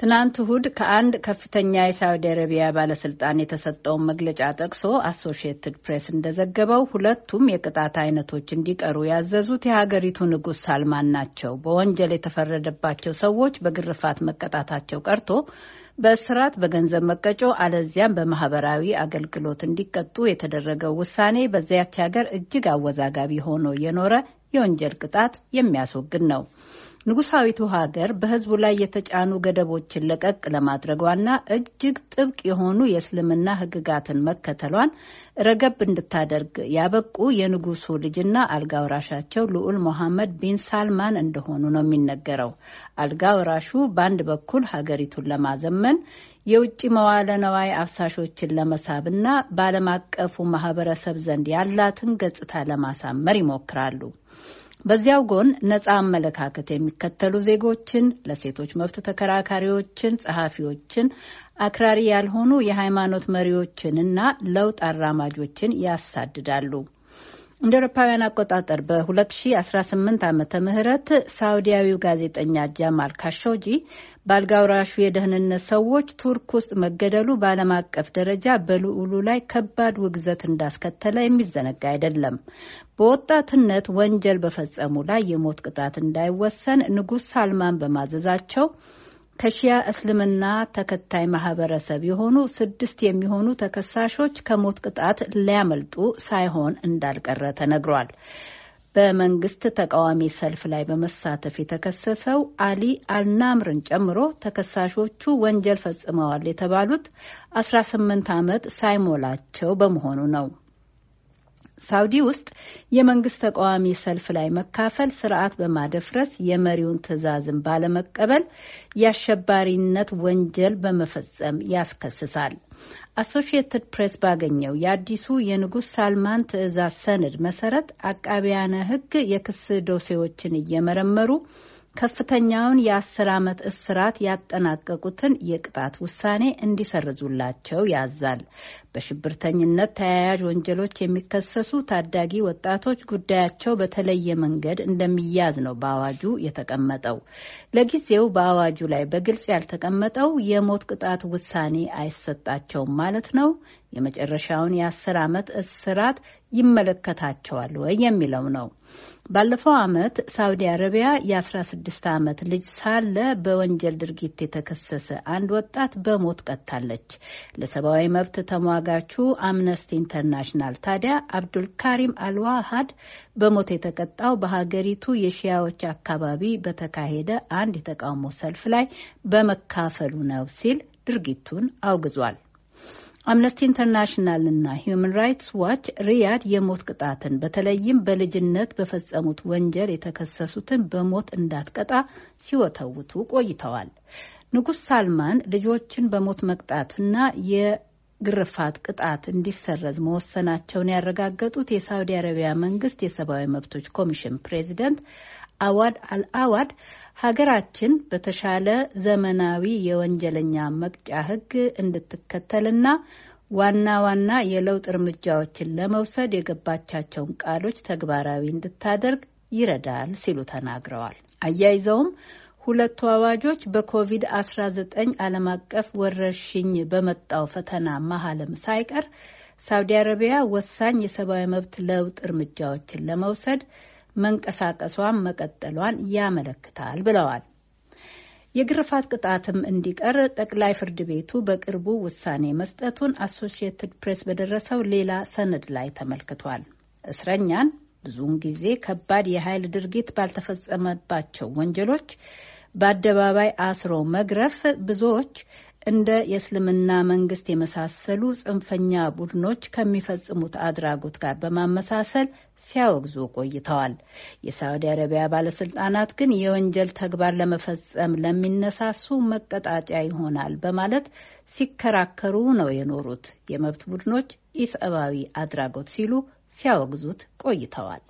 ትናንት እሁድ ከአንድ ከፍተኛ የሳዑዲ አረቢያ ባለስልጣን የተሰጠውን መግለጫ ጠቅሶ አሶሽየትድ ፕሬስ እንደዘገበው ሁለቱም የቅጣት አይነቶች እንዲቀሩ ያዘዙት የሀገሪቱ ንጉሥ ሳልማን ናቸው። በወንጀል የተፈረደባቸው ሰዎች በግርፋት መቀጣታቸው ቀርቶ በእስራት በገንዘብ መቀጮ አለዚያም በማህበራዊ አገልግሎት እንዲቀጡ የተደረገው ውሳኔ በዚያች ሀገር እጅግ አወዛጋቢ ሆኖ የኖረ የወንጀል ቅጣት የሚያስወግድ ነው። ንጉሳዊቱ ሀገር በህዝቡ ላይ የተጫኑ ገደቦችን ለቀቅ ለማድረጓና እጅግ ጥብቅ የሆኑ የእስልምና ህግጋትን መከተሏን ረገብ እንድታደርግ ያበቁ የንጉሱ ልጅና አልጋውራሻቸው ልዑል ሞሐመድ ቢን ሳልማን እንደሆኑ ነው የሚነገረው። አልጋውራሹ በአንድ በኩል ሀገሪቱን ለማዘመን የውጭ መዋለ ነዋይ አፍሳሾችን ለመሳብ እና በዓለም አቀፉ ማህበረሰብ ዘንድ ያላትን ገጽታ ለማሳመር ይሞክራሉ። በዚያው ጎን ነጻ አመለካከት የሚከተሉ ዜጎችን፣ ለሴቶች መብት ተከራካሪዎችን፣ ጸሐፊዎችን፣ አክራሪ ያልሆኑ የሃይማኖት መሪዎችን እና ለውጥ አራማጆችን ያሳድዳሉ። እንደ አውሮፓውያን አቆጣጠር በ2018 ዓመተ ምህረት ሳውዲያዊው ጋዜጠኛ ጃማል ካሾጂ ባልጋውራሹ የደህንነት ሰዎች ቱርክ ውስጥ መገደሉ በዓለም አቀፍ ደረጃ በልዑሉ ላይ ከባድ ውግዘት እንዳስከተለ የሚዘነጋ አይደለም። በወጣትነት ወንጀል በፈጸሙ ላይ የሞት ቅጣት እንዳይወሰን ንጉሥ ሳልማን በማዘዛቸው ከሺያ እስልምና ተከታይ ማህበረሰብ የሆኑ ስድስት የሚሆኑ ተከሳሾች ከሞት ቅጣት ሊያመልጡ ሳይሆን እንዳልቀረ ተነግሯል። በመንግስት ተቃዋሚ ሰልፍ ላይ በመሳተፍ የተከሰሰው አሊ አልናምርን ጨምሮ ተከሳሾቹ ወንጀል ፈጽመዋል የተባሉት 18 ዓመት ሳይሞላቸው በመሆኑ ነው። ሳውዲ ውስጥ የመንግስት ተቃዋሚ ሰልፍ ላይ መካፈል ስርዓት በማደፍረስ የመሪውን ትዕዛዝን ባለመቀበል የአሸባሪነት ወንጀል በመፈጸም ያስከስሳል። አሶሺየትድ ፕሬስ ባገኘው የአዲሱ የንጉሥ ሳልማን ትዕዛዝ ሰነድ መሰረት አቃቢያነ ሕግ የክስ ዶሴዎችን እየመረመሩ ከፍተኛውን የአስር ዓመት እስራት ያጠናቀቁትን የቅጣት ውሳኔ እንዲሰርዙላቸው ያዛል። በሽብርተኝነት ተያያዥ ወንጀሎች የሚከሰሱ ታዳጊ ወጣቶች ጉዳያቸው በተለየ መንገድ እንደሚያዝ ነው በአዋጁ የተቀመጠው። ለጊዜው በአዋጁ ላይ በግልጽ ያልተቀመጠው የሞት ቅጣት ውሳኔ አይሰጣቸውም ማለት ነው። የመጨረሻውን የአስር ዓመት እስራት ይመለከታቸዋል ወይ የሚለው ነው። ባለፈው ዓመት ሳውዲ አረቢያ የ16 ዓመት ልጅ ሳለ በወንጀል ድርጊት የተከሰሰ አንድ ወጣት በሞት ቀጥታለች። ለሰብአዊ መብት ተሟጋቹ አምነስቲ ኢንተርናሽናል ታዲያ አብዱልካሪም አልዋሃድ በሞት የተቀጣው በሀገሪቱ የሺያዎች አካባቢ በተካሄደ አንድ የተቃውሞ ሰልፍ ላይ በመካፈሉ ነው ሲል ድርጊቱን አውግዟል። አምነስቲ ኢንተርናሽናል እና ሂዩማን ራይትስ ዋች ሪያድ የሞት ቅጣትን በተለይም በልጅነት በፈጸሙት ወንጀል የተከሰሱትን በሞት እንዳትቀጣ ሲወተውቱ ቆይተዋል። ንጉስ ሳልማን ልጆችን በሞት መቅጣትና የግርፋት ቅጣት እንዲሰረዝ መወሰናቸውን ያረጋገጡት የሳውዲ አረቢያ መንግስት የሰብአዊ መብቶች ኮሚሽን ፕሬዚደንት አዋድ አልአዋድ ሀገራችን በተሻለ ዘመናዊ የወንጀለኛ መቅጫ ሕግ እንድትከተልና ዋና ዋና የለውጥ እርምጃዎችን ለመውሰድ የገባቻቸውን ቃሎች ተግባራዊ እንድታደርግ ይረዳል ሲሉ ተናግረዋል። አያይዘውም ሁለቱ አዋጆች በኮቪድ-19 ዓለም አቀፍ ወረርሽኝ በመጣው ፈተና መሀልም ሳይቀር ሳውዲ አረቢያ ወሳኝ የሰብአዊ መብት ለውጥ እርምጃዎችን ለመውሰድ መንቀሳቀሷን መቀጠሏን ያመለክታል ብለዋል። የግርፋት ቅጣትም እንዲቀር ጠቅላይ ፍርድ ቤቱ በቅርቡ ውሳኔ መስጠቱን አሶሺየትድ ፕሬስ በደረሰው ሌላ ሰነድ ላይ ተመልክቷል። እስረኛን ብዙውን ጊዜ ከባድ የኃይል ድርጊት ባልተፈጸመባቸው ወንጀሎች በአደባባይ አስሮ መግረፍ ብዙዎች እንደ የእስልምና መንግስት የመሳሰሉ ጽንፈኛ ቡድኖች ከሚፈጽሙት አድራጎት ጋር በማመሳሰል ሲያወግዙ ቆይተዋል። የሳዑዲ አረቢያ ባለስልጣናት ግን የወንጀል ተግባር ለመፈጸም ለሚነሳሱ መቀጣጫ ይሆናል በማለት ሲከራከሩ ነው የኖሩት። የመብት ቡድኖች ኢሰብአዊ አድራጎት ሲሉ ሲያወግዙት ቆይተዋል።